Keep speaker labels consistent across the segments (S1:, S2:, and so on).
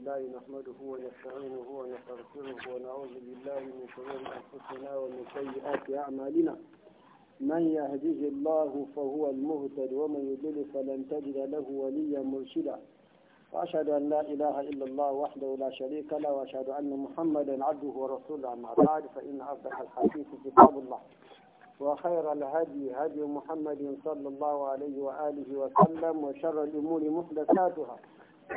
S1: لله نحمده ونستعينه ونستغفره ونعوذ بالله من شرور أنفسنا ومن سيئات أعمالنا من يهديه الله فهو المهتد ومن يضلل فلن تجد له وليا مرشدا وأشهد أن لا إله إلا الله وحده لا شريك له وأشهد أن محمدا عبده ورسوله أما بعد فإن أصدق الحديث كتاب الله وخير الهدي هدي محمد صلى الله عليه وآله وسلم وشر الأمور محدثاتها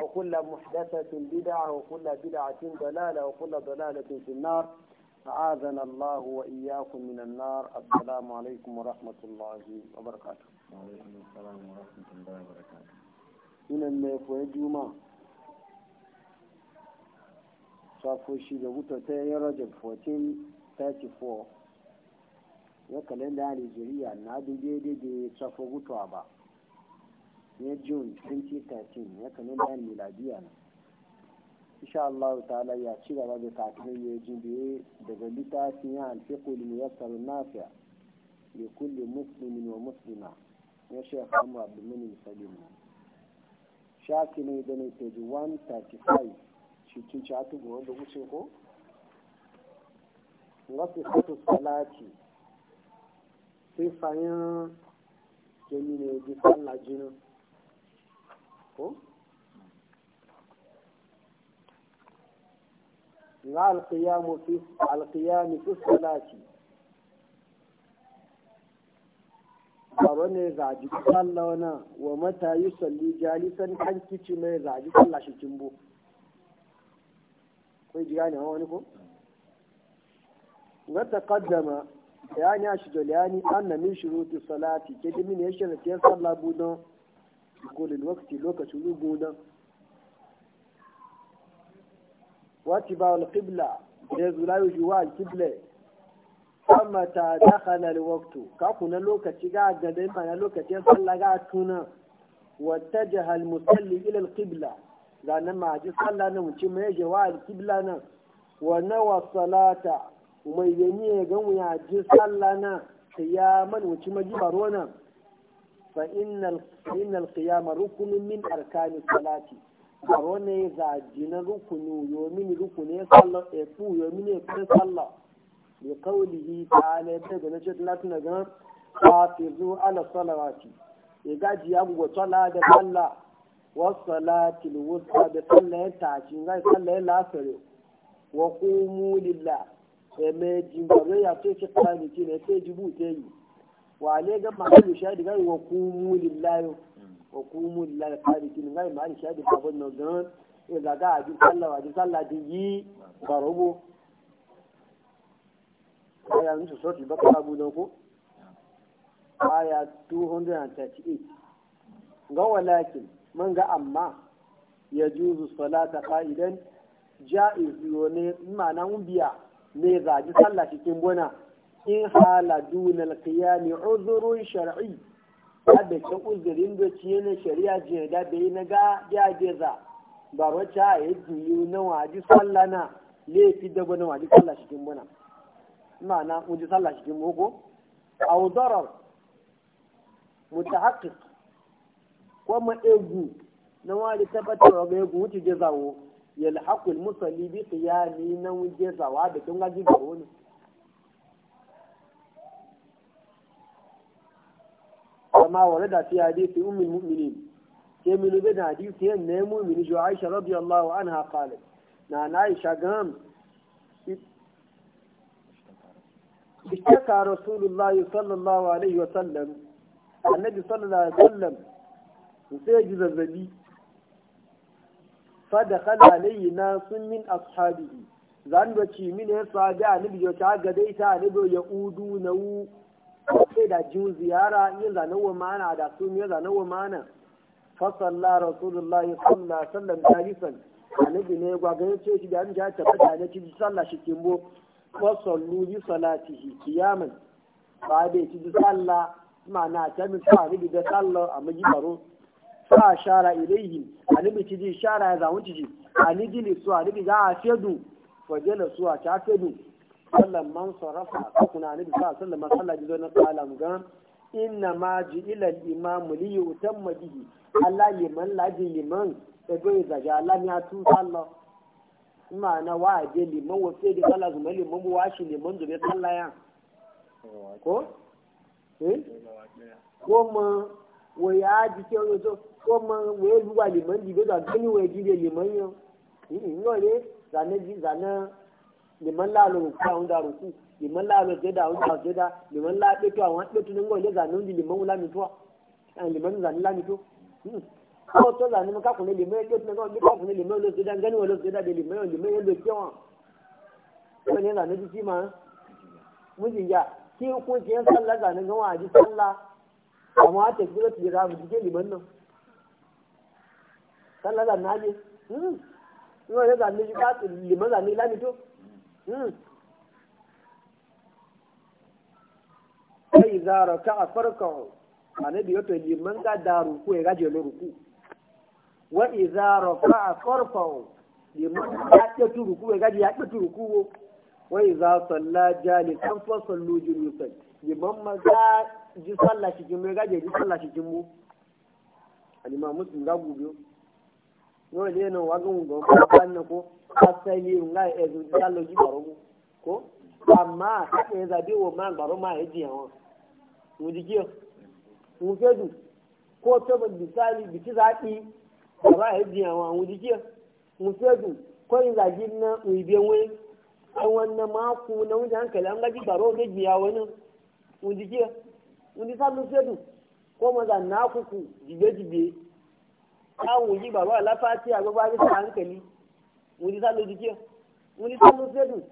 S1: وكل محدثة بدعة وكل بدعة ضلالة وكل ضلالة في النار أعاذنا الله وإياكم من النار السلام عليكم ورحمة الله وبركاته وعليكم السلام ورحمة الله وبركاته من الميف والجمعة صافو شيء وتتين رجب 1434 ya kalenda Algeria na daidai da safo gutuwa ba na june 2013 ya kalendar miladiya na insha Allah ta'ala ya ci gaba da takarar ya jin daga littafin ya alfiqul muyassar nafi'a li kulli muslimin wa muslima ya shekha Amr Abdulmunin Salim shafi ne da ne page 135 cikin chatu ga wanda wuce ko wasu satu salati sai fayin kemi ne ji sallah jinin ko na alƙiyamu fi alƙiyami fi salati baba ne zaji sallah wana wa mata yi salli jalisan kan kici mai zaji sallah shi kimbo kun ji gane wani ko ga taqaddama bayani shi dalani anna min shuruti salati kedi min yashara tiyar sallah budon dukulin wakti lokacin ruguna wati ba wal qibla da zula yi juwa al qibla amma ta dakhala al waqtu ka kuna lokaci ga ga dai mana lokacin sallah ga tuna wattajaha al musalli ila al ga nan ma ji sallah mutum mai jawa al salata mai ga mu ya ji mutum ji baro nan fa innal qiyama rukunin min arkani salati aro ne za jina rukunu yomin rukune sallah e fu yomin e fu sallah bi qawlihi ta'ala daga na cikin latin daga hafizu ala salawati e gaji ya go sala da sallah wa salati wusta da sallah ta ci ga sallah la sare wa qumu lillah e me jimbare ya ce ki tsani ki ne sai jibu yi wale ga mahallu shahidi gai wa kumu lillahi wa kumu lillahi qanitin gai mahallu shahidi ba gonno gan e eh, ga ga ji sallah wa ji sallah di yi barugo aya ti soti bakara gudan ko aya 238 ga walakin man ga amma ya juzu salata qa'idan ja'iz yone ma mun biya ne ji sallah cikin bona in hala dunal qiyami uzurun shar'i da ke uzurin da ci na shari'a ji da bai na ga ya geza ba wacce a yi duyu na waji sallah na laifi da gwanin waji sallah cikin muna ma'ana waji sallah cikin muku a wudarar mutahakik kuma egu na wani tabbatar ga egu wuce gezawo yalhaqul musalli bi qiyami na wuce zawa da kun gaji garo ne kama warada fi hadisi ummul mu'minin sai min ubin hadisi yan ne mu'mini jo Aisha radiyallahu anha qalat na na Aisha gam ishtaka rasulullahi sallallahu alaihi wa sallam annabi sallallahu alaihi wa sallam sai ji zazzabi fadakal alayhi nasun min ashabihi zan da ci min ya sabi annabi jo ta ga dai ta annabi ya udu na sai da jin ziyara yin zanawa mana da su ne zanawa mana fasalla rasulullahi sallallahu alaihi sallan talisan annabi ne ya ce shi da an ja ta fata ne ci sallah shi kimbo wa sallu bi salatihi qiyaman ba da ci sallah ma'ana ta min fa ni da sallah a miji baro fa shara ilayhi annabi ci ji shara ya zamu ci ji annabi ne su annabi ga afedu fajala su a ta afedu sallan man sarrafa a kuna ne bisa sallan man sallah ji kalam inna ma ji ila imam li yutamma bihi Allah liman da bai zaga Allah ya tu sallah na wa je liman wa sai da zuma liman bu liman sallah ya ko eh ko ma wa ya ji ke zo ko ma wa ya zuwa liman ji da gani wa ji liman yo eh, ni liman lalo ka hun da ruku liman lalo je da hun da je da liman la de to awon de tun ngo je za no di liman la mi to an liman za ni la mi to hmm. ko to za ni ma ka kun le liman de e tun ngo ni ka kun le liman lo je da ngani wo lo je da de liman liman yo lo je won ko ne na ni ti ma mu ji ya ki ku je sallah za ni ga wa ji sallah amma ta gura ti ra mu je liman nan sallah za na je hmm ngo ne za ni ka liman za ni la to kai hmm. zara ka a farkawa a na biyo to ga da ruku ya gaje lo ruku wa izara ka a man liman ya ɗatu ruku ya gaje ya ɗatu ruku wa iza salla jali kan fa sallu junusan liman ma ga ji sallah cikin mu ya gaje ji sallah cikin mu al-imam ga gubiyo yau ne nan wa gan ga ko kan na ko asali nga e du dalo ji baro mu ko amma ka e za bi wo ma baro ma e di awon mu di ki mu ke du ko to ba bisali bi ti za ki ra e di awon mu di ki mu ke du ko in za ji na mu bi we an wannan na wajen hankali an gaji baro ne biya wani mu di ki mu di sa ko ma za na ku ku kawo ji ba lafati a gaba bisa hankali wani salo jike wani salo fedu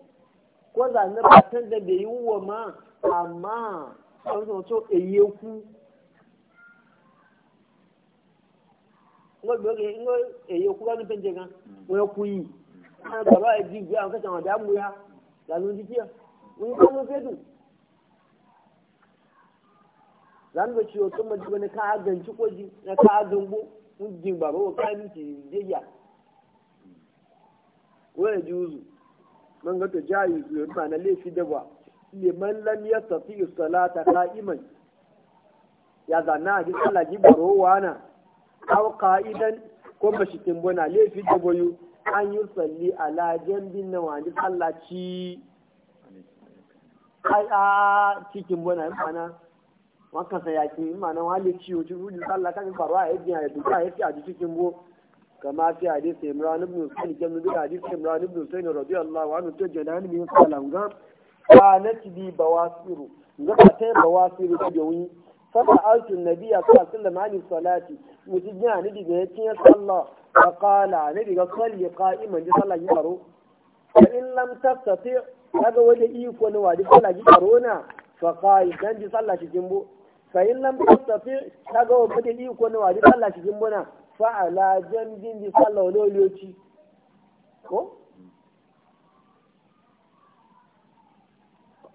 S1: ko zanen batan da bai ma amma an zo to eye ku ngo doge ngo eye ku ga nufin jega wani ku yi baba ya ji biya an kasa wanda an buya salo jike wani salo fedu zanen da ciwo tun majiba na ka ganci koji na ka gambo ń jin bàbá wò káyọ̀ ti yéyà wọ́n juzu man ga to jayi zuwa ba na laifi da ba liman lam ya salata qa'iman ya zanna ji sallah ji barowa na aw qa'idan ko bashi timbona laifi da boyu an yi salli ala jambin na wani sallaci ai a cikin bona mana wọn kan sẹ yàtì ìmọ̀ náà wọn lè tí ojú rúdì sálà káfí pàrọ̀ àyẹ̀dì àyẹ̀dùkú àyẹ̀fì àdìsí kí n bó kàmá fi àdìsí ìmúra níbi òsèlú àdìsí ìmúra níbi òsèlú wà nù tó náà níbi bí bàwá sírù bàwá sírù ti a sa sallam ani salati mutu jiya ni diga ya tiya salla in wajen iko na fa'in lam tafi kaga wa bada iko ko nawa duk Allah cikin muna fa ala jambin bi wani loliyoci ko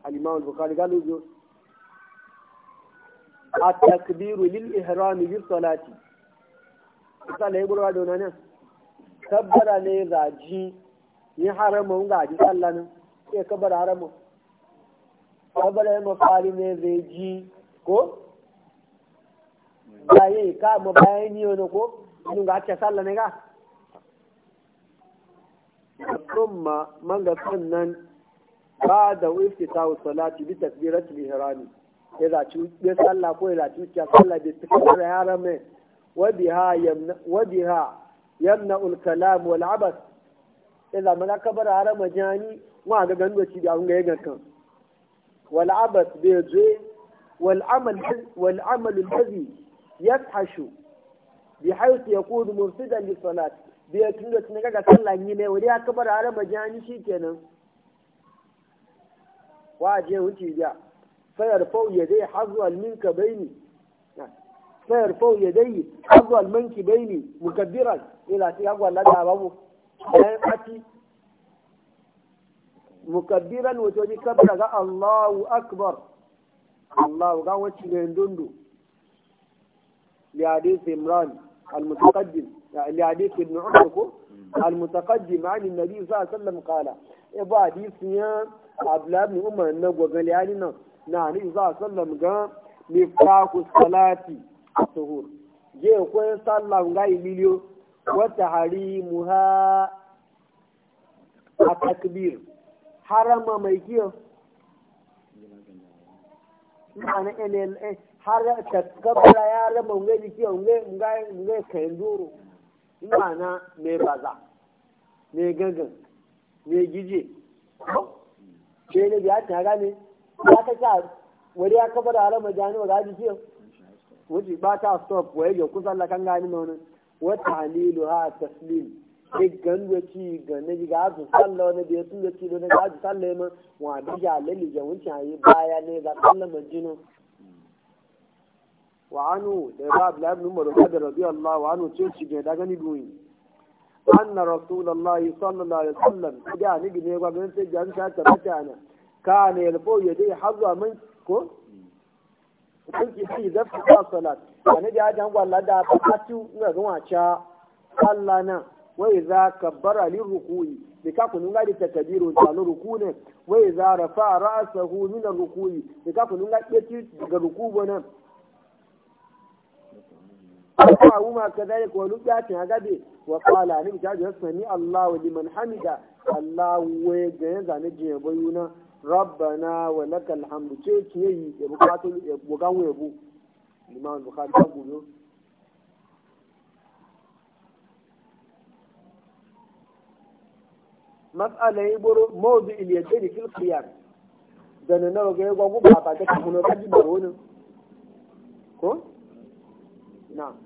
S1: al-imam al-bukhari galu zo at-takbiru lil ihrami bi salati sallah ya burwa dona ne kabbara ne zaji ni haramun ga ji sallah ne sai kabbara haramun kabbara ya mafali ne zai ji ko baye ka mu baye ni ono ko ni ga ta sallah ne ga kuma man ga sannan ba da iftitau salati bi takbiratul ihrami idza ci ya sallah ko idza ci ya salla bi takbir harame wa biha yamna wa biha yamna al kalam wal abath idza man kabara harama jani wa ga gando ci da ga yaga kan wal abath bi je wal amal wal amal alladhi yasashu bi haisu ya mursidan li salat bi ya tunda ga sallan yi mai wani ya kabar ala majani shikenan wa je wuce ya sayar fau ya dai hazwal minka baini sayar fau ya dai hazwal minki baini mukabbiran ila ti hazwal la da babu dan ati mukabbiran wato ni kabbara ga Allahu akbar Allahu ga wacce ne dundu لحديث عمران المتقدم لحديث ابن عمرك المتقدم عن النبي صلى الله عليه وسلم قال إبا حديث يا عبد الله بن عمر النبوة قال يعني نعم النبي صلى الله عليه وسلم قال مفتاح الصلاة الطهور je kwen sallah nga ililio wata harimuha a takbir ما mai kiyo ma'ana nls har ta kabbala ya raba unge jiki unge unge kai kayan ina na me baza me gangan me gije ke ne ya ta ne ya ta ka wani ya kabbala ya raba jani ba gaji kiyo wuce ba ta stop waye ya kusa kan gani na wani wa talilu ha taslim ke ganwe ci ga na ji ga su sallah ne da ya tun ci ne ga su sallah ne wa bija lalli ga wuce a yi baya ne ga sallah majinu وعنه لباب لابن عمر بدر رضي الله عنه تشي جدا غني دوي أن رسول الله صلى الله عليه وسلم جاء نبي نيغا بن سجان شاكا بتانا كان يلفو يدي حظا من كو kunki fi zafi ta salat da na jaji gwalla da ta katu ga zuwa cha Allah na wai za ka bara li rukui da ka kunun gadi kabiru ta wai za rafa ra'sahu min rukui da ka kunun gadi daga rukubo nan أو ما كذلك ولجات هجبي وقال أنا بجاج يسمي الله لمن حمده الله وجاز عن جيبونا ربنا ولك الحمد شيء شيء يبقاتو يبقاو يبو الإمام البخاري يقول مسألة يبرو موضع اليدين في القيام دنا بقى بقى بابا تكمل رجل برونه ko na'am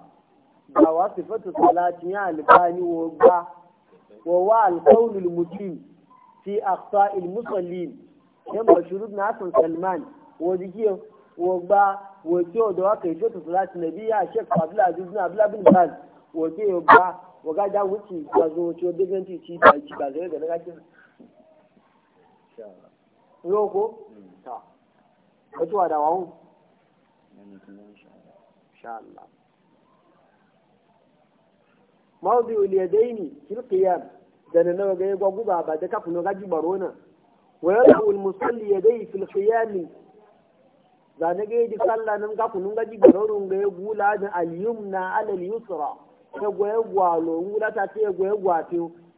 S1: ba wa sifatu ya alfani wa ba wa wa alqaulul mutim fi aqsa'il musallin yan na hasan salman wa dikiyo hmm. wa ba wa kiyo da wa kai sifatu salatin nabiya shek abdul aziz na abdul bin baz wa kiyo ba wa ga da wuce ga ti ci ba ci ba zai mawdi uliyadaini fil qiyam dana nawa ga yago guba ba da kafin ga ji na? wa yarfu al musalli yadayhi fil qiyam da na ga yi sallah nan ga kunun ga ji barorun ga yago la da al yumna ala al yusra a goye gwalo ngula ta ce goye gwate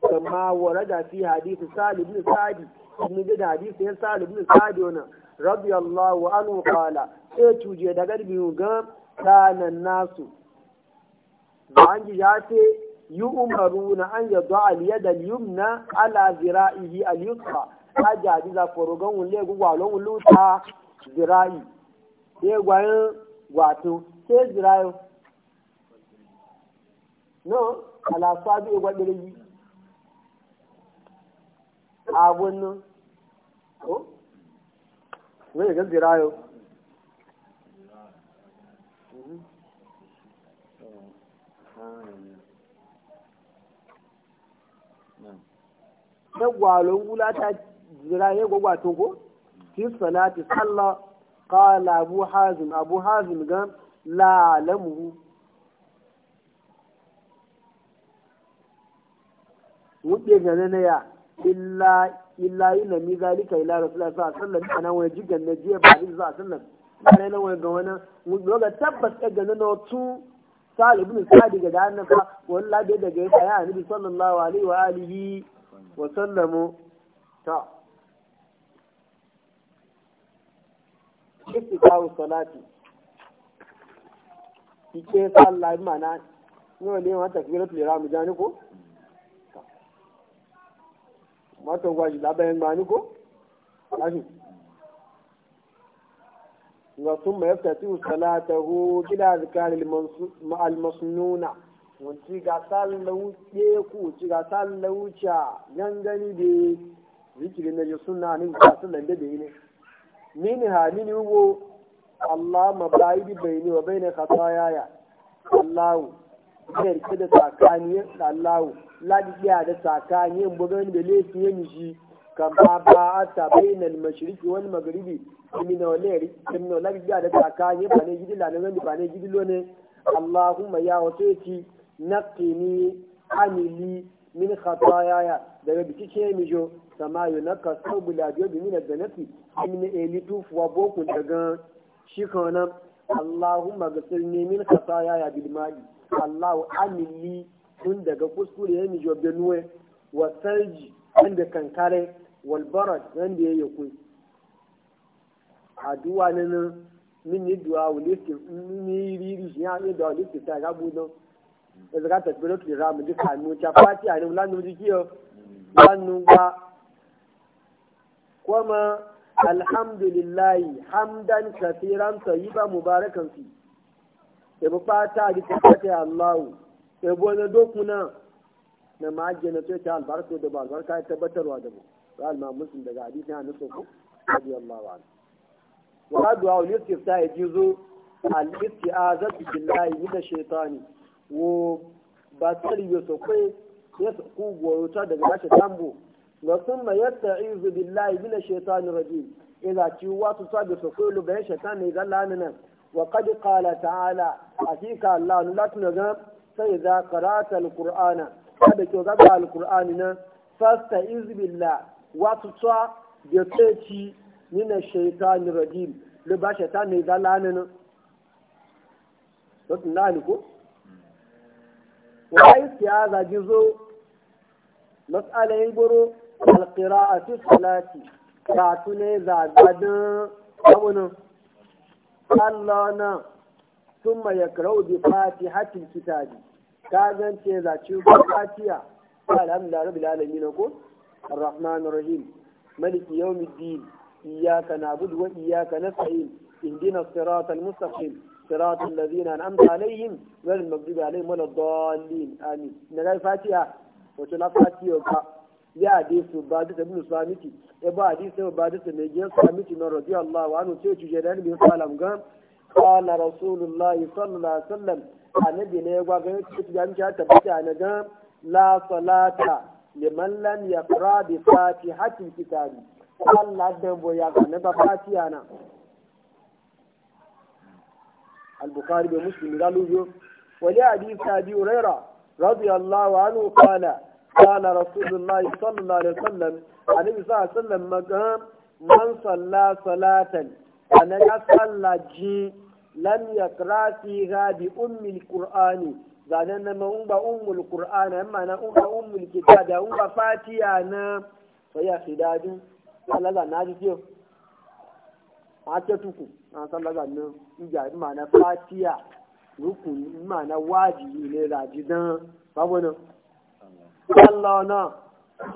S1: kama warada fi hadith salib ibn sadi ibn da hadith ya salib ibn sadi Allah, radiyallahu anhu qala sai tuje da garbi ga kanan nasu ba an ji ya ce yu'maruna an yadu al-yada al-yumna ala zira'ihi al-yusra aja diza forogan wule gugwa lo wuluta zira'i ye gwayin wato sai zira'i no ala sabi e gwa diriji abun nan ko oh. wai ga zira'i Thank mm-hmm. oh. ah, you. ta gwalon gula ta ne gwagwa to ko fi salati salla qala abu hazim abu hazim gan la alamu wuce gane ya illa illa yi na mi zalika ila rasulullah sallallahu alaihi wasallam ana wani jigan na jiya ba ni za sallam ana na wani ga wani mu ga tabbas ga gane na tu sal ibn sa'id ga dan na fa wallahi daga ya ya annabi sallallahu alaihi wa alihi wa sallamu ta istiqa'u salati ike sallah mana yau ne wata takbiratul ihram jani ko mata gwaji labayin gani ko kashi wa thumma yaftatihu salatahu wunci ga sallauce ku wunci ga sallauce gani da zikiri na yi suna nin kasu lande da yi ne mini ha mini wo Allah ma bai bi bai ne wa bai ne kasa yaya Allahu zai rike da tsakani Allahu ya da tsakani yin bugan da laifin ya mishi kan ba a tabai na mashiriki wani magaribi kiminoleri kiminoleri da tsakani ba ne gidi lalazan da ba ne gidi lone Allahumma ya wato ya ci naqini amili min khatayaya daga biki ce mi jo sama yo naka sabu la biyo bi min adanati min elitu wa boku daga shi kana allahumma ghfirni min khatayaya bil ma'i allah amili tun daga kuskure ya mi jo benuwe wa salji wanda kankare wal barad wanda yayi ku aduwa nan min ni du'a wa listin ni riri ya ni du'a listin ta gabu don da zaka tasbiru tu za mu ji kanu ta fati a nan lanu ji kiyo lanu ba alhamdulillahi hamdan kasiran tayyiban mubarakan fi ebo pata di tabbata ya allah ebo na dokuna na maje na sai ta albarka da albarka ya tabbatarwa da mu قال ما مسلم ده قاعد يتنا نصفه رضي الله عنه وقد دعاء الاستفتاء يجوز الاستعاذة بالله من الشيطان wo ba tsari bai so kai ya ku ta daga bashi tambo ga sun ma yadda izu billahi mina shaitani rabi ila ci wasu ta bai so kai lubayen shaitani ga nan wa qad qala ta'ala hakika Allah nu latu ga sai za qara'ata alqur'ana kada ke ga alqur'ani nan fasta izu billah wasu ta da so ci na shaitani rabi lubayen shaitani ga nan. Wasu na ko? gaskiya zagi zo matsala a cikin lati, ba su ne zagadin abunan Allah na sun mai kira bi fati hatin kitabi ka zance zaci ba fatiya alhamdulillah lalami na ko Rahman rahim maliki yawmiddin iyyaka na'budu wa iyaka na ihdina indina siratal mustaqim صراط الذين أنعمت عليهم غير المغضوب عليهم ولا الضالين آمين نغير الفاتحة وتنا فاتحة يا حديث بعد ابن سامتي ابا حديث بعدس نجي سامتي من رضي الله عنه تيجي جلال بن سالم قام قال رسول الله صلى الله عليه وسلم annabi ne ya gwaga ya ce ya mishi ta bata na ga la salata liman lam yaqra bi fatihatil فاتحة البخاري ومسلم قالوا ولي حديث أبي هريرة رضي الله عنه قال قال رسول الله صلى الله عليه وسلم النبي صلى الله عليه وسلم مقام من صلى صلاة أنا صلى جي لم يقرأ فيها بأم القرآن zanen na أم أم القرآن أما أنا أم أم الكتاب أم فاتي أنا فيا خداد قال لا ناجي na ji kiyo na sallah zannin ija ma'ana fatiya rukun ma'ana wajibi ne rajidan babu nan Allah na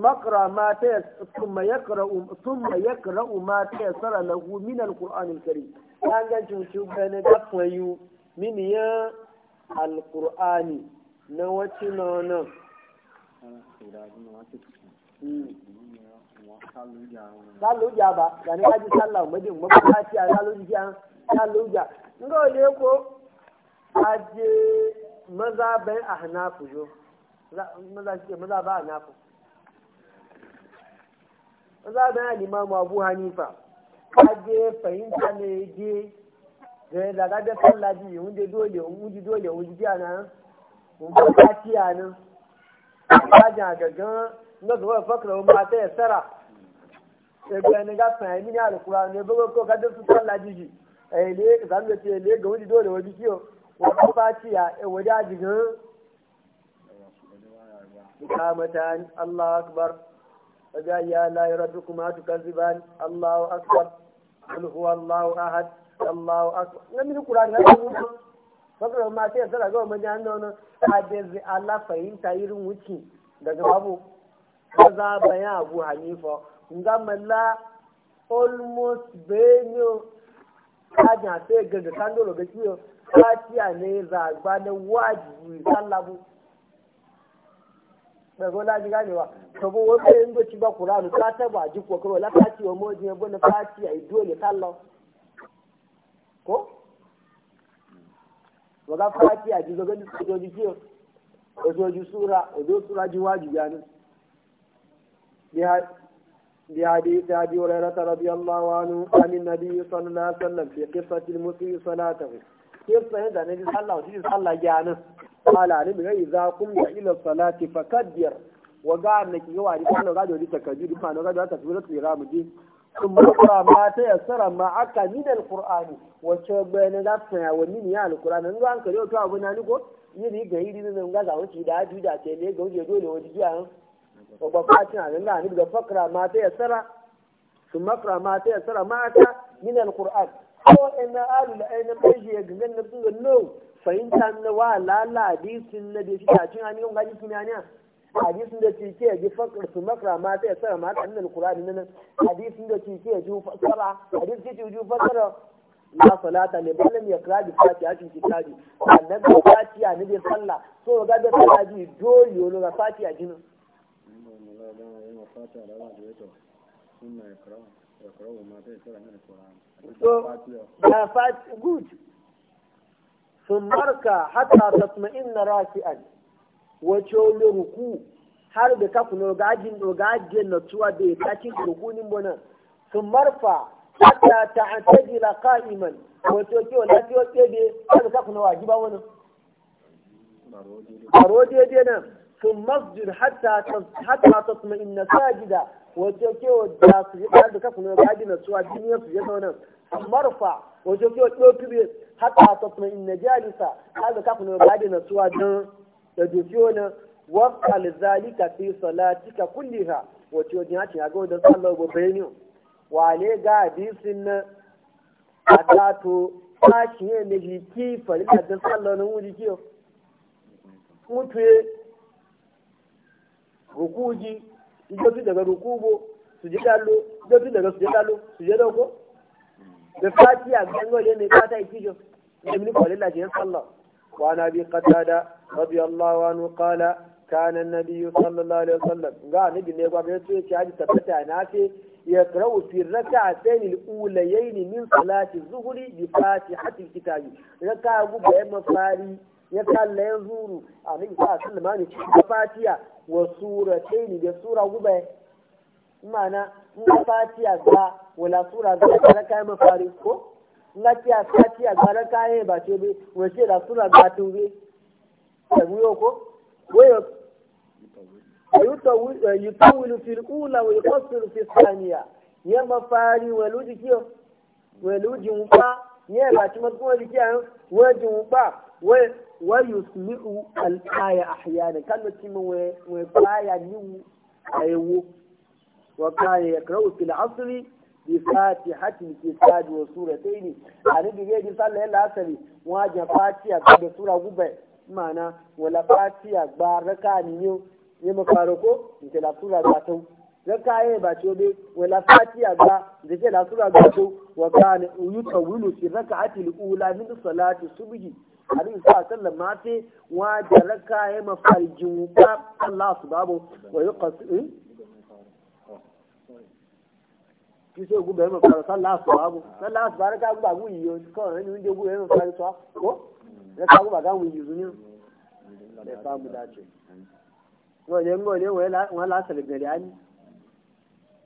S1: makra ma ta sun yaqra'u thumma yaqra'u ma na lahu min al-Qur'an al-Karim kan ga cucu bane da fayu min ya al-Qur'ani na wacce na nan laluja ba yani haji sallah majin makwati a laluja laluja nga ole ko aje maza bai a hanafu jo maza shi maza ba a hanafu maza bai a limamu abu hanifa aje fahimta ne je da ya zaga da sallah ji wunde dole ji dole wunji jiya na wunji fatiya nan ajin ga ga na zuwa fakra wunji ta ya tsara ebe ne ga fa mi ni alukura ne bogo ko ka da su salla jiji zan da ce le ga wani dole wani kiyo wa ko faci yi. e wani ajigin kamatan Allahu akbar ga ya la yuraddukuma tukaziban Allahu akbar qul huwa ahad Allahu akbar na mi qur'an na mu saboda ma sai sai ga mun jan don hadisi Allah fahimta irin wuce daga babu kaza bayan Abu Hanifa nga mala almost benyo kaja sai gaga kan dole ga kiyo kaciya ne za zagba na wajibi sallabu da gola ji ganewa sabo wanda yin doci ba kuranu ka taba ji e ko kawai la kaci wa moji ne bane kaci ai dole sallah ko waga kaci a ji ga gani ko ji kiyo ko ji sura ko ji sura ji wajibi ne ya بحديث أبي هريرة رضي الله عنه عن النبي صلى الله عليه وسلم في قصة المسيء صلاته قصة هذا النبي صلى الله عليه وسلم جانا قال علم إذا قمت إلى الصلاة فكبر وقال لك هو عليك أنه غادي يريد تكبير كان غادي يريد تكبيرة الإرام دي ثم أقرأ ما تيسر معك من القرآن وشبه نفسنا ومن يعني القرآن نقول أنك لو تعبنا نقول يريد غيري من غزة وشي دا جودا تيلي غوجي دولي وجي babban fatin a ganga ni daga fakra ma ta yasara su makra ma ta yasara mata min alquran ko ina alu la ina baje ya gangan na tun no fahimta na wa lala hadisin na da shi tacin ani kun gaji kina ne hadisin da cike ya ji fakr su makra ma ta yasara mata min alquran nan hadisin da cike ya ji fasara hadisin da cike ya ji fasara la salata ne balam ya kira bi fati a cikin a تعالى بما يوم فاتح على بعض بيته ثم يقرأ يقرأه ما har da kafu na gajin gajin na tuwa da ya tashi rukunin bonan sun marfa hatta ta antajila qa'iman wato ke wala ke wace da har da kafu na wajiba wani a roje nan su masjini haɗa sosai ma in na gida wajen ke wa da su daidai kafin na da da su a jiniya su iya sau nan wajen ke wa ɗopi be haɗa sosai ma in na jarisa haɗa kafin na da su a jan da jirgin na wakal zali kafi salati ka kullira wajen wajen a ga abinci rukuji ijofi daga rukubo su ji dalo ijofi daga su ji dalo su ji dauko da a gango ne mai fata ikijo da mini kwalin lajiyar sallah wa na bi qatada radiyallahu anhu qala kana an sallallahu alaihi wasallam ga nabi ne ba ya ce haji tabbata na ce ya karau fi rak'atayn al-ulayayn min salati zuhri bi fatihati al-kitab raka'a gubayen mafari ya kalla ya zuru a nan ba su limani da fatiya wa suratai ne da sura guba mana in ka fatiya ga wala sura ga ta kai mafari ko in ka tiya fatiya ga ran kai ba ce bai wace da sura ga tun bai ta guyo ko wayo yutawilu eh, fil ula wa yuqassiru fi thaniya ya mafari waluji kiyo waluji mpa ya ba ci mazkuma dikiya waluji wai wa yusmi'u al-aya ahyana kan mutum mai baya niwu a yawo wa kana yakra'u fil asri bi fatihatil kitabi wa suratayn annabi ne ji sallah ya lasari wajen fatiha da sura gubai mana wala fatiha ba raka ne ya mafaro ko nke la sura ga tau raka ya ba ce be wala ba da ke sura ga min abin sa sallan ma wa da eh? ya mafarjin ba Allah su babu wa yi kasu zuni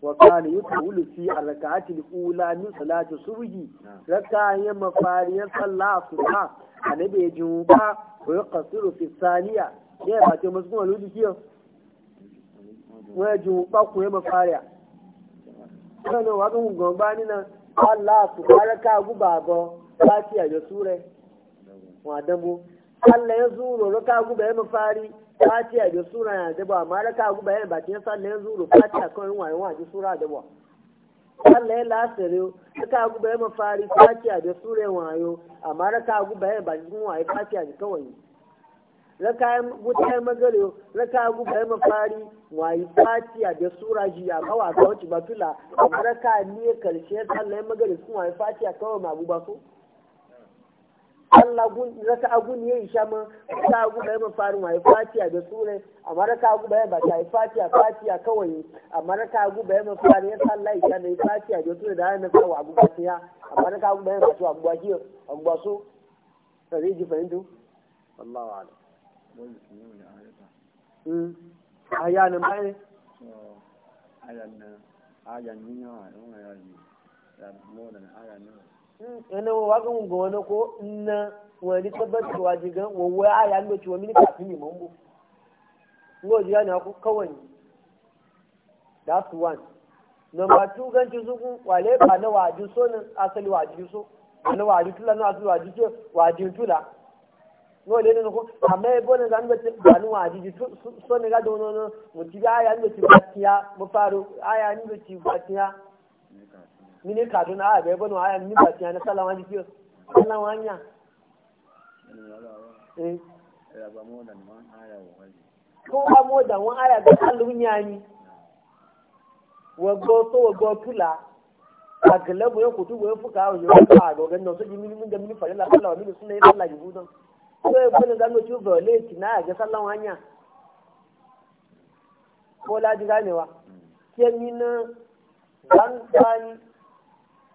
S1: وكان يقول في الركعة الأولى من صلاة الصبح ركعة مفارية صلاة الصبح أنا بيجوبا ويقصر في الثانية يا باتي مسكون الودي كيو ويجوبا كوي مفارية أنا وعدهم غنبانينا صلاة الصبح ركعة غبابا باتي أجو وعدمو Allah ya zuro raka guba ya mafari fatiha da sura ya daba amma raka guba ya bakin sallah ya zuro fatiha kawai wani waje sura daba Allah ya lasare raka guba ya mafari fatiha da sura wayo amma raka guba ya bakin wani fatiha da kawai raka ya wuta ya magare raka guba ya mafari wani fatiha da sura ji ya kawa ka wuce batula amma raka ne karshe sallah ya magare sun waye fatiha kawai ma guba so Allah gun raka agun ya isha ma ta agu da yamma faru mai fatiya da sunai amma ka agu da yamma ta fatiya fatiya kawai amma ka agu da yamma faru ya sallai isha ne fatiya da sunai da yana kawo abu fatiya amma ka agu da yamma to abu ba kiyo abu ba so da zai ji fahimtu Allah wa ala mm aya ne mai aya ne aya ne ya ne ya more than aya ne yana wa ga mun ko na wani tabbatar wa jigan wawa ya ya nuna cewa mini kafin ne mambo ngo ji yana ku kawai that's one number two ganci ku wale ba na waju so ne asali waju so na waju tula na asali waju ce waju tula ngo le ne ko amma e bonan zan ba ba ni waju so ne ga dono no mutiya ya nuna ci ba mu faru aya ni ba ci ba mini kaduna a bai bano aya mini bati na salama ji kiyo salama hanya eh. ko ba mo da wọn aya ga alunya ni wagbo to wagbo tula agalabu yan kutu bo fuka o yo ka go gan no so ji mini mun da mini fare la salama mini suna yin Allah yubu don ko ya ko da no ju violate na ga salama hanya ko la ji ganewa kemin dan dan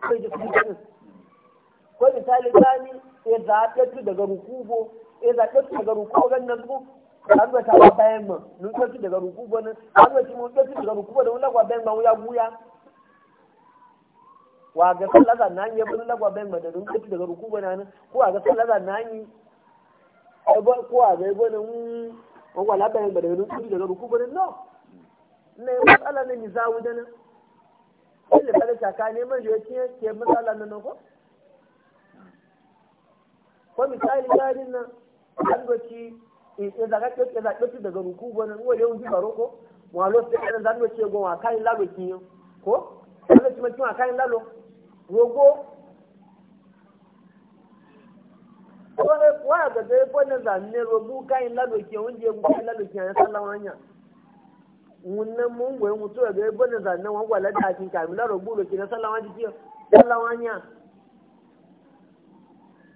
S1: kai da kuɗin ko misali tsani ya zaɓe daga rukubo ya zaɓe daga rukubo gan nan su an ga tawa bayan ma nun tsaki daga rukubo nan an ga mun tsaki daga rukubo da wala bayan ma wuya guya wa ga sallaza nan ya bin lagwa bayan ma da nun tsaki daga rukubo nan ko ga sallaza nan yi ko a ga gona mun wala bayan ma da nun tsaki daga rukubo nan no ne matsala ne mi zawo da nan ilé bẹ́ẹ̀ ṣàkà ní mẹ́jọ tí yẹn tiẹ̀ nan, an daga ruku wani yawon roko, ce gon kayan lalo ko? Wani ci mutum a kayan lalo, rogo. Wani wani zanen rogo kayan lalo wani je kayan lalo ya sallama hanya. wannan mun goyi mutu ga ya bane zannan wani gwala da hakin kami na rubu da kina sallawa jiki Salawa nya,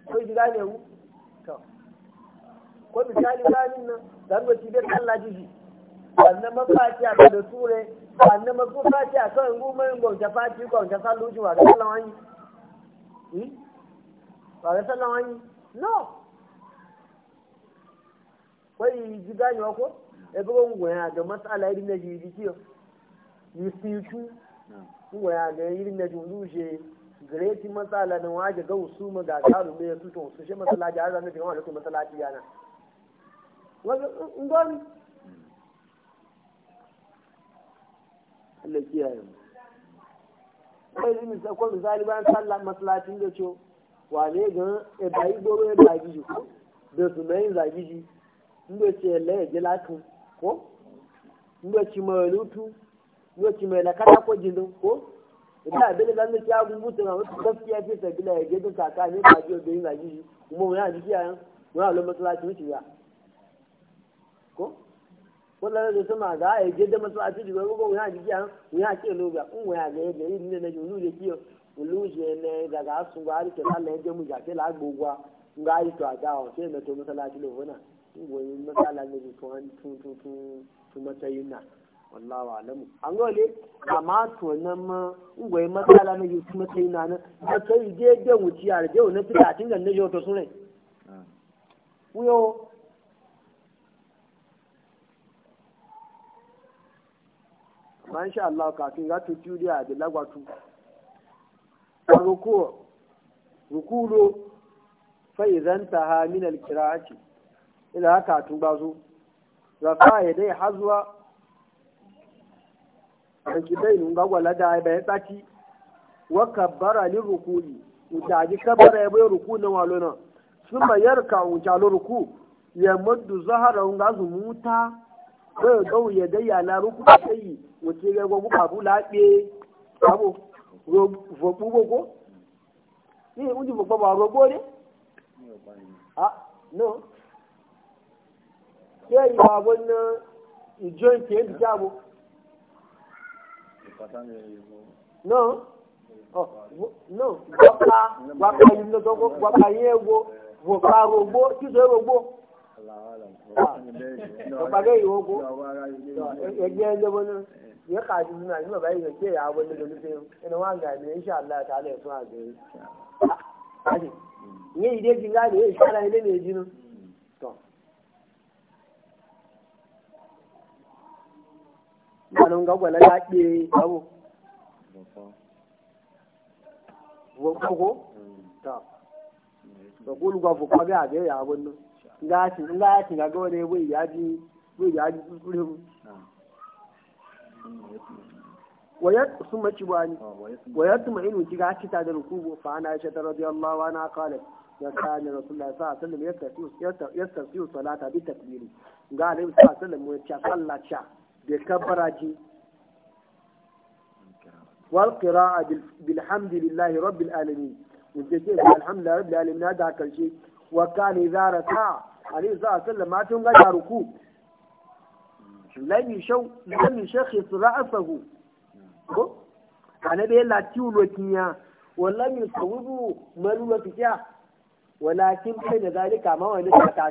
S1: ko ji gane wu to ko misali ganin nan zan ba cibiyar sallah jiki wannan mafaci a da ture wannan mafaci a kan gumarin gwamta faci gwamta sallu wa ga sallawa yi wa hmm? ga sallawa yi no ko ji ganewa ko ebe ngwe ya ga masala iri na jiri kiyo yi situ ya ga iri na ndu je greti masala ne waje ga ma ga karu me su to su she masala ja zan ga ko masala ti yana wa ngon Allah kiyaye mu Ai ni sai ko misali bayan sallah masalacin da ce wane ga e bai goro e bai ji ko da su mai zagi ji inda ce laye ji lakin ko ngoci mai lutu ngoci mai na kata ko ko idan abin da zan ci abun mutu na wasu gaskiya fi sabila ya gidan kaka ne ba jiyo da yin kuma wani a jiki a yan wani a lokacin matsalaci wuce ya ko wala da sama ga ya gidan matsalaci da wani wani a jiki a yan wani a ce ga yi ne na ji wani da kiyo olùjẹ ní gàgà sùn wà á rí kẹlá mu wani matsala ne tun matsayin na wallahu alamu an gole amma to nan ma ungwai matsala ne tun matsayin na na ta sai je da wuci a rajau na fita a da na yau to sunai kuyo hmm. amma insha Allah kafin ga to juriya da lagwatu ruku rukulo fa idan ha min al ila haka tun bazo rafa ya dai hazuwa. A ranki dai nun ga gwala da bai tsaki wa kabbara li rukuni ji kabbara ya bai rukuni walona sun bayar ka ujalo ruku ya muddu zahara ga zumuta bai gau ya dai ya la ruku sai wace ga gwagu babu labe abu vobu gogo ni ji vobu ba rogo ne ah no sai yi babon na ijon ke yadda jabo no oh, no yi na yi ego rogbo kizo rogbo gwapa ah, ga yi ogo ẹgbẹ́ ẹlẹ́wọ́ náà yẹ kàdí nínú àyíká bàbá yìí gbé ìyá wọn lọ́dọ̀ nípa ẹni wọn àgbà ní iṣẹ́ aláàtà alẹ́ fún àgbẹ̀rẹ̀. ìyẹn yi èjì ńlá rèé ìṣẹ́ ara ilé ne èjì náà. ganin gagwala mm. ya ɗe abu ko ta ba kulu ba fu a gaya abun nan ya ci nga ah, ga gawa bai ya bai ya ji mu wayat sun maci wayat ma inu ci ga ci ta da rukubu fa ana aisha ta radiyallahu anha qalat ya kana rasulullah sallallahu alaihi wasallam yaktasiyu yaktasiyu salata bi takbiri ga alaihi sallallahu alaihi wasallam ya ci sallah da kabbaraji wal qira'a bilhamdillahi rabbil alamin mun ce ce alhamdulillahi rabbil alamin da karshe wa kana idza raka ali za sallama tun ga ruku lam yashau lam yashkhis ra'sahu ko ana da yalla tiwo tinya wala min sawibu malula tiya walakin kai da zalika ma wani ta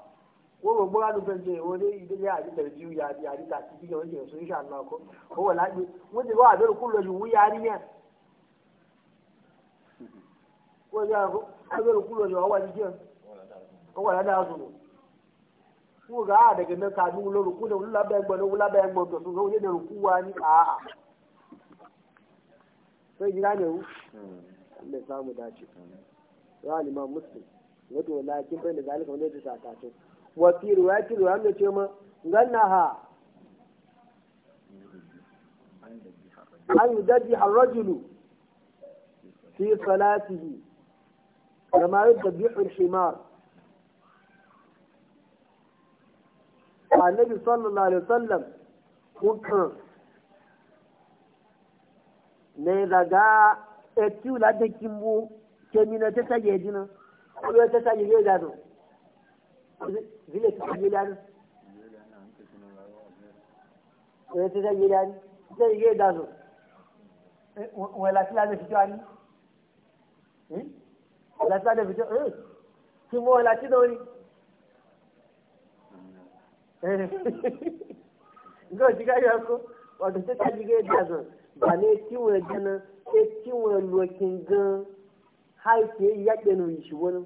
S1: wọ́n mọ̀ gbọ́dọ̀ ló fẹ́ẹ́ jẹ ìwọ ní ìdílé àdìtẹ̀rẹ̀ bí wíyá àti àdìtẹ̀ àti kíkẹ́ wọ́n jẹ̀rọ sórí ìṣàlọ́ ọkọ̀ ó wọ̀ lágbè wọ́n ti wọ́n àbẹ̀rù kúrò lọ́sùn wíyá níyà wọ́n ti àbẹ̀rù ni lọ́sùn ọwọ́ àdìjẹ́ ọwọ́ a sọ̀rọ̀ wọ́n gà á ah, dẹ̀gẹ̀ náà kàdú lóru kú lóru lábẹ́ ẹgbọ́n lóru lábẹ́ ẹgbọ́n tó sùn lóru yédèrú kú wa ní àhà tó yìí rà lẹ́wọ́ ẹ̀ samu dace. Ra'al Imam Muslim, wato lakin bai da zalika ya ta wa fi riwayati riwayat da ce ma gannaha an yudajji harrajulu fi salatihi kama yudabbihu al-himar annabi sallallahu alaihi wasallam kukan ne daga etu la de kimbu kemina tata ko zile ta gidan ne ta ta gidan zai yi da zo wala kila da fito ani eh wala da fito eh kin wala kila da wani eh go diga yanko wato ta ta diga da zo ba ne kiwo jana sai lokin gan har ke shi wani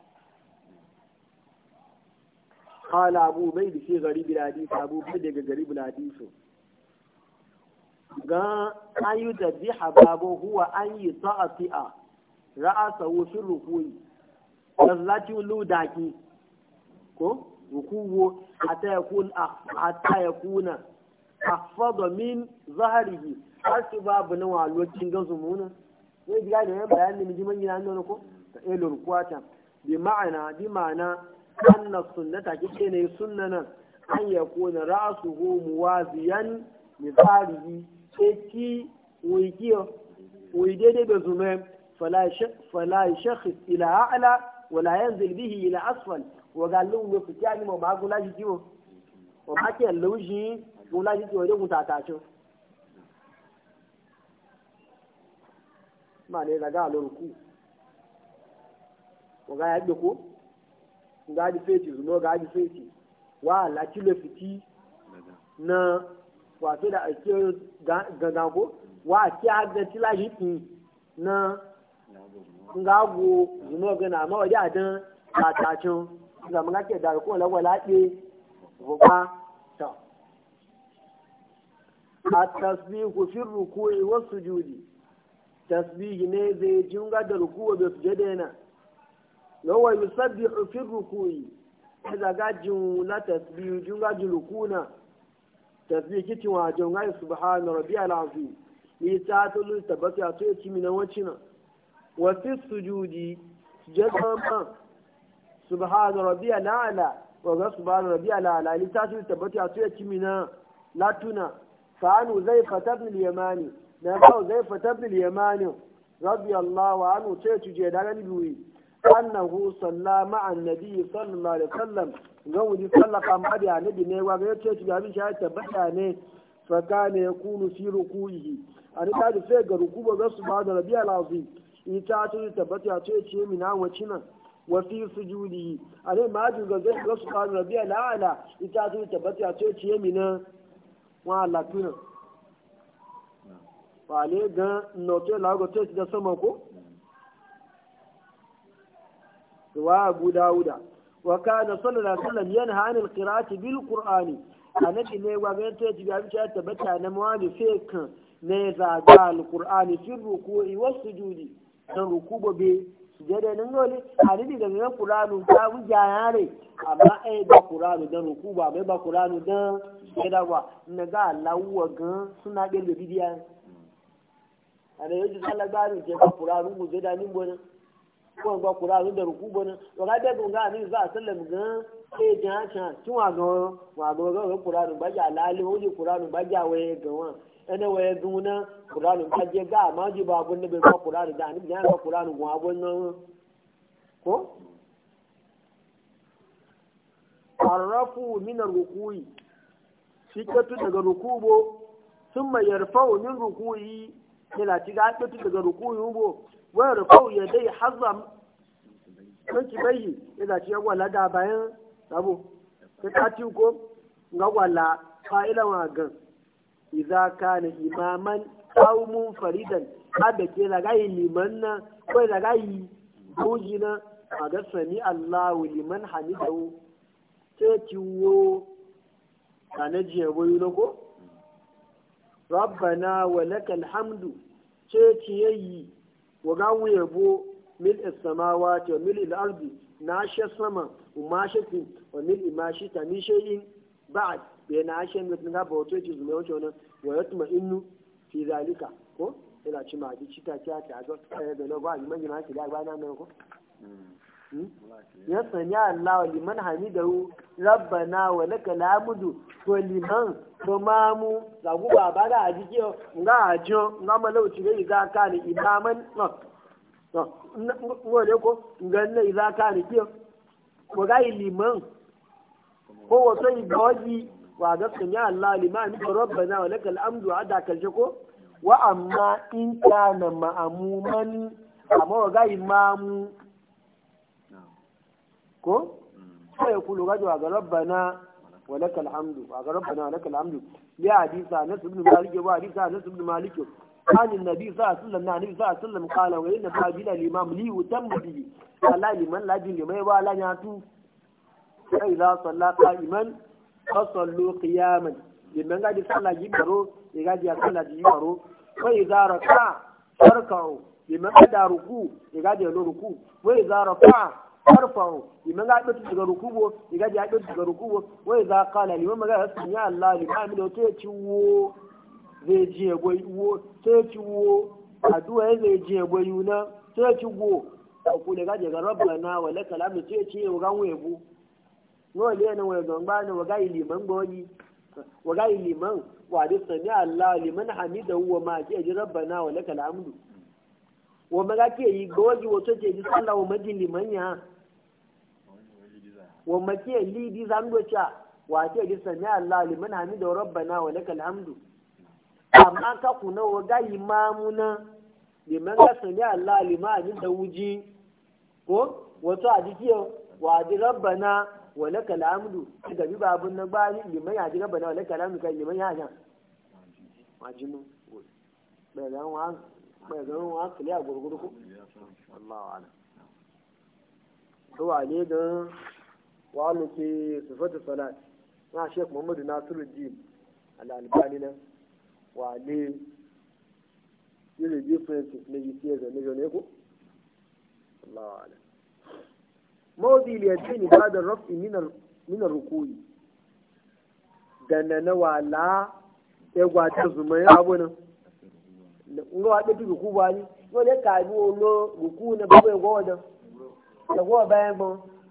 S1: kala abu bai da ke gari biladi abu bai daga gari biladi su ga an yi tabiha babu huwa an yi sa'afi'a ra'asa wasu rukuni da zazzaki ludaki ko rukuwo hatta ya kuna afada min zaharihi har su babu na walocin gansu muna Sai biya da yan bayanin da jiman gina an ko ta elor kwata bi ma'ana bi ma'ana anna sunnata kike ne sunnanan an ya kona ra'suhu muwaziyan li zarihi ki wikiyo da zume fala ila a'la wala yanzil bihi ila asfal wa magula ji jiwo gula ji da ma ne ga ya ko nga ji feti zuno ga ji feti wa la kilo fiti na wato da ake ganga ko wa ki aga tila hiti na nga go zuno ga na ma waje adan ta ta cin ga mun ke da ko la wala ke ba ta at-tasbihu fi ruku'i wa sujudi tasbihi ne zai jinga da suje da yana lọ́wọ́ ìrùsẹ́bì òfin rùkù yìí ẹ̀dàgá jùn látẹ̀sí jùn gájú rùkù náà tẹ̀sí kìtì wọn àjọ ńgá ìṣubùhá nọ̀rọ̀ bí àlàáfíì yìí tá a tó lórí tàbátì àti ètí mi náà wọ́n ti nà wọ́n fi sùjúdì jẹ́gbọ́n mọ́ subùhá nọ̀rọ̀ bí nọ̀rọ̀ bí tó lórí tàbátì àti mi zai zai allah wa anu ce tuje da annahu salla ma'an nabi sallallahu alaihi wasallam ga wuri sallaka ma da nabi ne wa ga yace ci bin shi tabbata ne fa kana yakunu fi ruku'ihi an ta da sai ga ruku ba su ba da rabi alazi ita ta tabbata ce ce mina wacina wa fi sujudi an ma ju ga ga su ba da rabi alala ita ta tabbata ce ce mina wa lakuna le ga note te da sama ko ruwa abu dawuda wa kana sallallahu alaihi wasallam yanha anil qira'ati bil qur'ani annabi ne wa ga ta ji abin ta tabbata na mawani fake ne za ga al qur'ani fi ruku'i was sujudi dan rukuba be sujada nan gole annabi ga ga qur'anu ta wuja yare amma ai ba qur'anu dan rukuba bai ba qur'anu dan sujada ba na ga lawwa ga suna ga bidiya ana yaji sallah ga ni je ba qur'anu mu je da ni bonan kuma gba kura zo da ruku bana to ga da gunga ni za sallam ga e jan chan tun wa go wa go ga kura no baja lali hoji kura no baja we ga wa ene we duna kura no baje ga ma ji ba gunne be ko kura da ni jan ga kura no wa gunne ko arrafu min rukui shikatu daga rukubo sun mai yarfa min rukui ila ci ga daga wayar kau ya dai hazam kanki bayi ya zaci ya gwala da bayan sabo ta kati ko ga gwala fa'ilan wagan idza kana imaman aw munfaridan kada ke daga yi liman nan kai daga yi goji nan a ga sami Allahu liman hamidahu ce ciwo kanaji ya boyu na ko rabbana wa lakal hamdu ce ciyayi waga wuye bo mil samawati wa mil al-ardi na she sama umma she wa mil imashi ta mi shay'in ba'd be na she mutum ga bawo to ji zuwa wannan wa innu fi zalika ko ila ci ma ji ci ta ta ga da eh, na ba ni man ji ma da ba na ko hmm. ya sanya Allah wa liman hamidahu rabbana wa laka alhamdu to liman to mamu da ku baba da ajike nga ajo nga malauci ga iza ka ni imaman no no wole ko nga ne iza ka ni kiyo ko ga liman ko wato iboji wa ga sanya Allah liman to rabbana wa laka alhamdu ada kalje ko wa amma in kana ma'amuman amma wa ga imamu ko mm. ko ya kulu gaju a ga rabbana wa lakal hamdu a ga rabbana wa lakal hamdu bi hadisa nasu ibn malik wa hadisa nasu ibn malik kan annabi sallallahu alaihi wasallam nabi sallallahu alaihi wasallam qala wa inna fa bila limam li utammu bi qala liman la jin limay wa la yatu sai la salla qa'iman fa sallu qiyaman idan ga di sallah yi baro ya ga di sallah yi baro kai zara ka farkau idan ga da ruku ya ga di ruku kai zara ka farfahu liman ga ɗauki daga rukubo iga ya ɗauki daga rukubo wai za kala liman maga ya sun ya Allah liman amina to ya ci wo zai ji ya goyi wo to ya ci wo addu'a ya zai ji ya goyi na to ya ci go a ku daga daga rabbana wa laka lamu to ya ci ya gan waye no le ne waye gan ba ne waga liman goyi waga liman wa da sami Allah liman hamidahu wa ma ji ji rabbana wa laka lamu wa maga ke yi goji wato ke ji sallah wa majin liman ya wa make lidi zan docha wa ke ji sami Allah liman hamida wa rabbana wa lakal hamdu amma ka kuna wa ga imamuna liman ga sami Allah liman da wuji ko wato a dikiyo wa di rabbana wa lakal hamdu ga bi babun na bani liman ya di rabbana wa lakal hamdu kai liman ya jan majinu bai wa bai zan wa kiliya gurgurku Allahu a'lam to ale dan wa mu ke sufatu salat na shek muhammadu nasiru jim al'albani nan wa ne yiri difference na yitiyar da na ne ko Allah wa ala mawdi liyaddini ba da rafi minar rukuyi da na na wala ya gwata zuma ya abu nan nga wa ɗafi ruku ba ni wani ya kaji wani ruku na babu ya gwa wadan da gwa bayan ba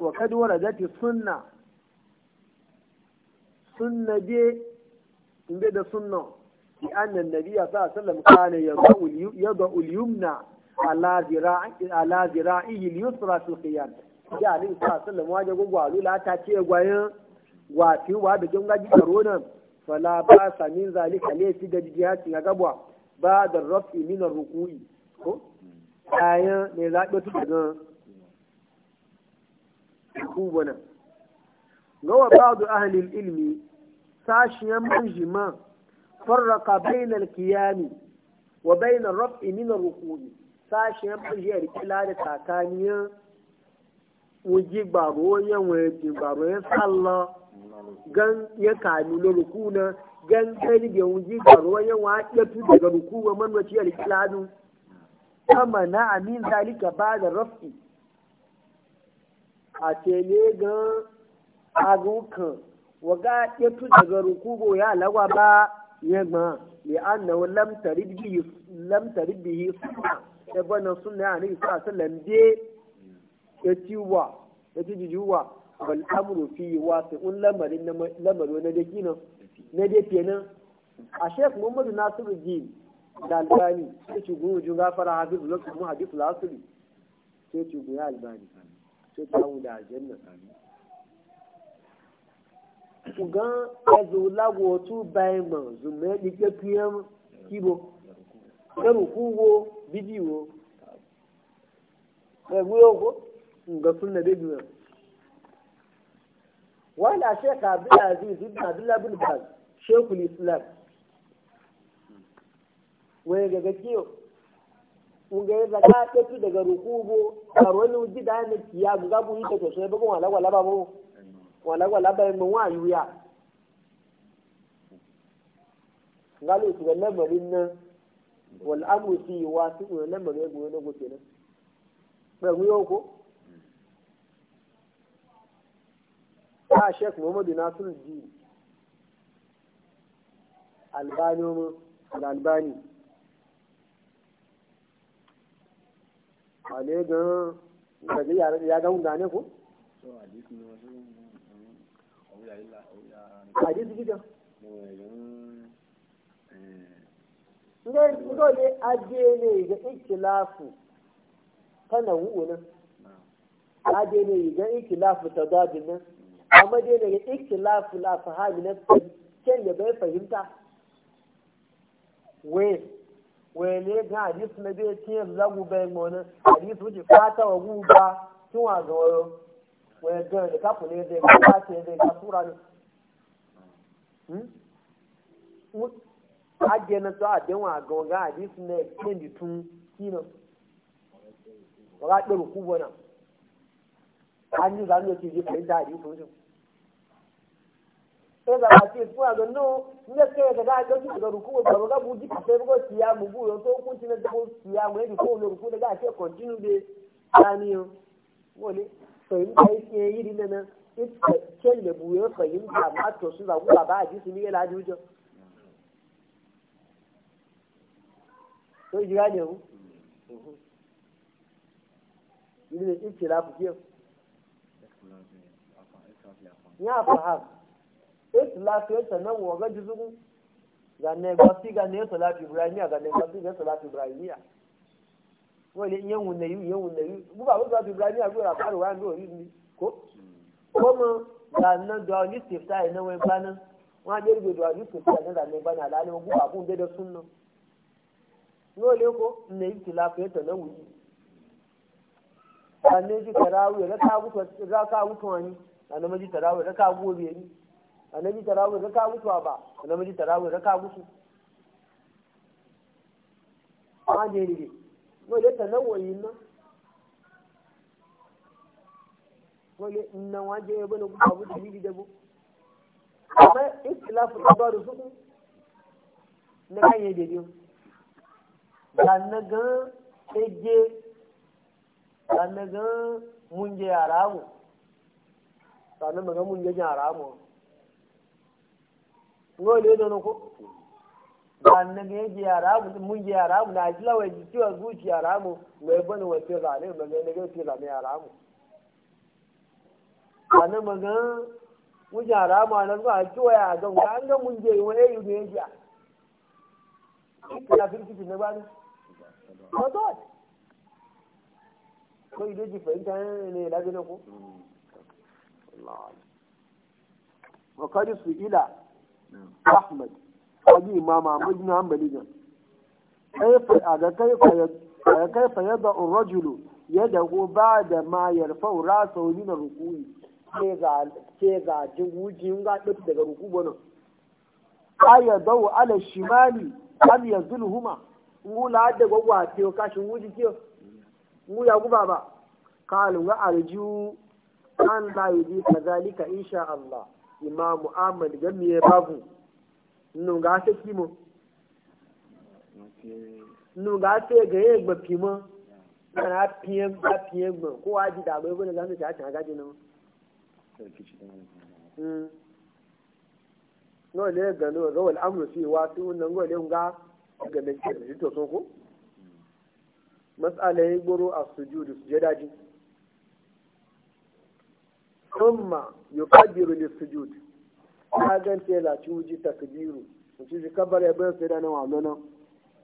S1: wa kad waradati sunna sunna je inda da sunna bi anna nabiyya sallallahu alaihi wasallam kana yad'u al-yumna ala zira'i ala zira'ihi al-yusra fi qiyam ya ali sallallahu alaihi wasallam waje gwalu ta ce gwayin wafi wa da kin gaji corona fala ba sa min zalika ne shi ga jihati ga gabwa ba da rafi min ruku'i ko ayan ne zaɓe tu daga kubana gawa ba'du ahli ilmi sashiyan manjima farraqa bainal al-qiyam wa bainar rafi min ar-ruku'i sashiyan manjiyar kila da takaniya wuji gbaro yan wajen gbaro ya salla gan ya kalu na rukuna gan kai da wuji gbaro yan wa ya tu daga rukuwa manwaciyar kila dun kama na amin zalika ba da raf'i a tele gan ga waga ƙetu daga rukubo ya lawa ba ya gba li annahu lam tarid bihi lam tarid bihi sunna e bana sunna ya ni sa sallan de ya tiwa ya tijuwa wal amru fi un lamarin lamarin na dake nan na dake nan a shek muhammadu nasiru din da albani sai ci gunu jun gafara hafiz lokacin mu hadith lasiri sai ci gunu albani sai ta wuda aljanna ṣùgbọ́n ẹ̀sùn lágbo tún ba ẹ̀ mọ̀ zùmẹ́ ní kíbo ẹrùkú wo bíbí wo ẹ̀gbọ́n ọkọ nǹkan tún nà débi wọn. wọ́n dà sheik abdulaziz ibn abdullah bin baz sheikul islam wọ́n yẹ gẹ́gẹ́ kí o. unga ya ta tu daga rukubo a wani uji da ne kiya ga buyi ta to sai bugun wala wala ba wala wala ba mu wa yuya ngalu su wannan marin nan wal amru fi go ne shek muhammadu albani mu albani ale gan ya ga wunda ne ko hadisi ikilafu kana wunan aje ga ikilafu ta nan mm. amma dai daga ikilafu na ya fahimta wele na bai tiye lagu bai mona hadisi wuce fata wa guba tun wa gan sura na wa ga hmm? na kendi tun kino wa ga na an yi zanen sai da mace su a gano ne sai daga ga daga ruku ba ga buji ka sai siya mu bu to kun da siya mu ne ko ne ruku daga ce continue be taniyo wole so in kai ke yiri ne na ita ken e da bu yo fahimta ma to su da ba ji su ne la jujo to ne ne ikira ke ya esu lati esu na wo ga ne ba ga ne salatu ibrahimiya ga ne ba si ga salatu ibrahimiya wani yan wunne yi yan wunne yi bu ba bu ibrahimiya bu ba ro ndo yi ni ko ko mo ga na do ni sifta ina wen bana wa je ri do ni ina ga ne bana la ko ne yi lati na wuyi sannan ji tarawih raka gutu raka gutu wani ji raka annabi tarawih raka mutuwa ba annabi tarawih raka mutu ba je ne ko da tanawuyi nan ko na? nan waje ya bane ku abu dalili da bu amma ikhtilafu tabaru su na kan yi daidai ba na ga eje ba na ga mun je yara mu ba na ga mun je yara mu ngole don ko wannan ne ji arabu mun ji arabu na ji lawai ji ciwa zuci arabu mai bani wace zane ba ne ga zane arabu wannan magan mun ji arabu na ya ga an mun je wani yi ne ji kana fi kici ne ba ne ko to ji fahimta ne ne na Allah wa su ahmad wani imama ahmad na hanbali ne a kai fa da un rajulu ya dago ba da ma yarfa rasa wani na rukuni ke ga jibuji yin gaɗi daga rukubo nan aya dawo ala shimali am ya zulhuma ngula da gwagwa ke kashin wuji ke mu ya guba ba kalin ga aljihu an la yi bi kazalika insha Allah imamu ahmad gami ya babu nnu ga ta kimo nnu ga ta ga ya gba kimo na piyan ga piyan gba ko waji da bai bane zan ta ta gaji nan mm no le ga no ga wal amru fi wa tu nan go le nga ga da ke to so ko hmm. mas'ala yi goro a sujudu sujadaji thumma yuqaddiru lis-sujud ka gan sai la tuji takbiru mutum kabar ya bayan sai da nan wannan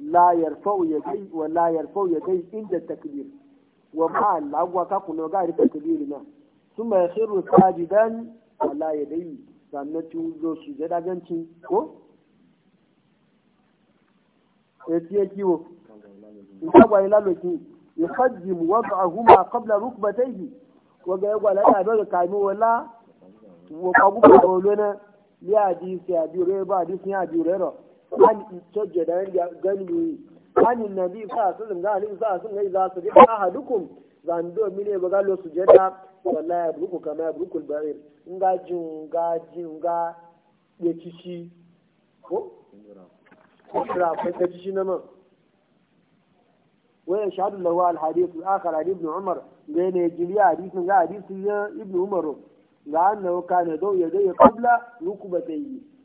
S1: la yarfau yadai wa la yarfau ya kai, inda takbir wa ma lagwa ka kuno ga ri takbiri na thumma yakhiru sajidan wa la yadai sannan tuzo sujada ganci ko eh, ya kiwo in ka gwaye laloki yuqaddimu wad'ahuma qabla rukbatayhi waga ya gwala da daga kami wala wa kabu ko dole na ya hadisi ya biure ba hadisi ya biure ro an tajja da ya gani ani nabi sa sallam ga ali sa sallam ga za su ga ahadukum zan do mine ba ga lo sujada wallahi abruku kama abruku al-ba'ir nga junga junga ya cici ko kira kai ta cici na man ويشهد له الحديث الآخر عن ابن عمر ga ne jiri hadisi ga ya a umaru ya dai qabla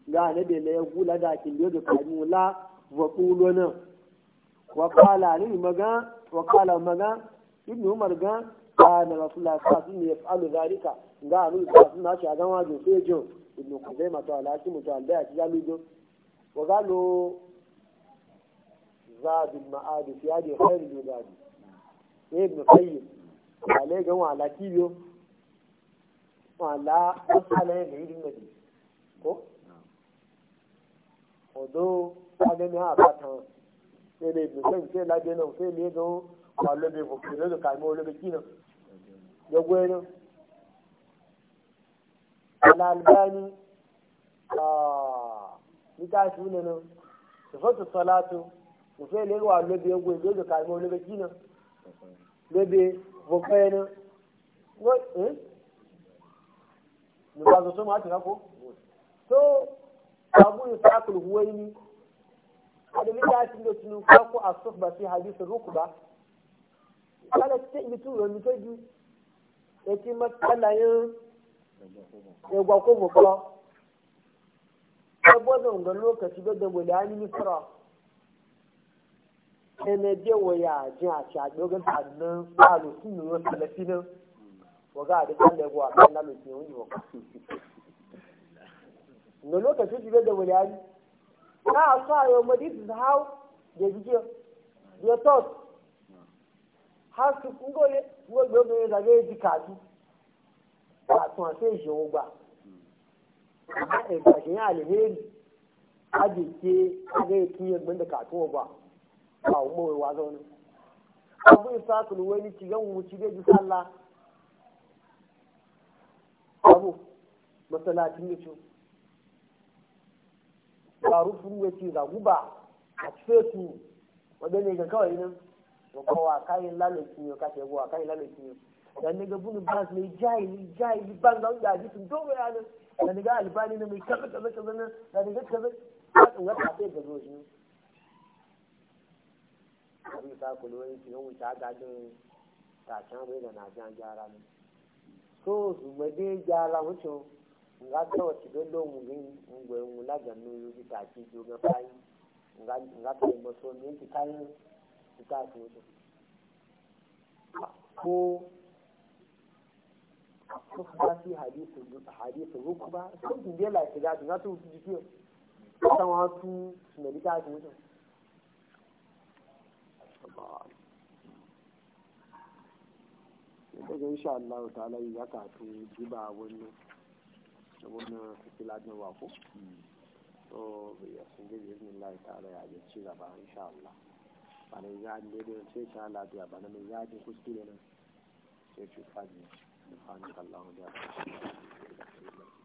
S1: ga ne na ya gula da kin da kanu la wa quluna wa qala ni maga wa qala maga ibnu umar ga kana rasulullah sallallahu alaihi wasallam ya zalika ga ni na shi a gan wajo sai jo ibnu kuzaima to alaki mutal زاد المعاد في هذه خير ابن قيم wale ga wala kiyo wala masala ya da irin gadi ko odo ta ni ha ba tan sai ne bi sai sai labe no sai le do wala be ko kire do kai mo le be kino yo gwero ala albani ah shi ne no sifatu salatu sai le wala be ko zai do kai mo le be lebe bọ̀kẹ́ ni wọ́n ẹ́ nípa tó So àti rákò tó abu isakul huwaini adami ta ci da tunan kwakwa a sufba sai hadisi ruku ba kala ta yi tuwo ni ta ji ya ci matsalayin egwakon bukwa ta gwazon ga lokaci da da mulani misra energy waya jin a ci a dogon sannan a lusin yi wasu talafi nan waga a duk wanda ya kan na yi waka na lokacin jibe da wuliyari na a sa yau ma this is how they begin your thought har su ngole ngole ngole da ga ji kaji ba tun a sai shi e ba a. e shi ya alheri a jike a ga yi kinye gbin da katuwa ba ba wa mawai wa zaune abu isa kulu wani ci gan wuci bai ji sallah abu masalacin ya ce ba rufin ya ce zagu ba a cife su wadda ne ga kawai nan ba kowa kayan lalaci ne kashe buwa kayan lalaci ne da ne ga bunin ba su ne jahili jahili ban ga wanda aji sun dogo ya nan da ne ga albani ne mai kaza kaza kaza nan da ne ga kaza kaza kaza kaza kaza kaza abin sa ku lori ki yawon ta gajin tashen bai da najiyan gyara ne so su made gyara wucin nga ta wasu don lomu yin ngwayin ga nuyu ki ta ki jo ga fayi nga ta yi maso ne ki kayan ki ta su wucin ko ko ba su hadisu hadisu ruku ba sun tunje la ki su na su jiki ko san wasu su mai su wucin daga insha Allah ta'ala ya kato jiba wannan da wannan fitila wako to ya sun gaji izinin Allah ya ji ci gaba insha Allah ba na zaɗin da yadda ta lafiya ba na mai zaɗin kuskure nan sai cuta ne da hannun Allah da ya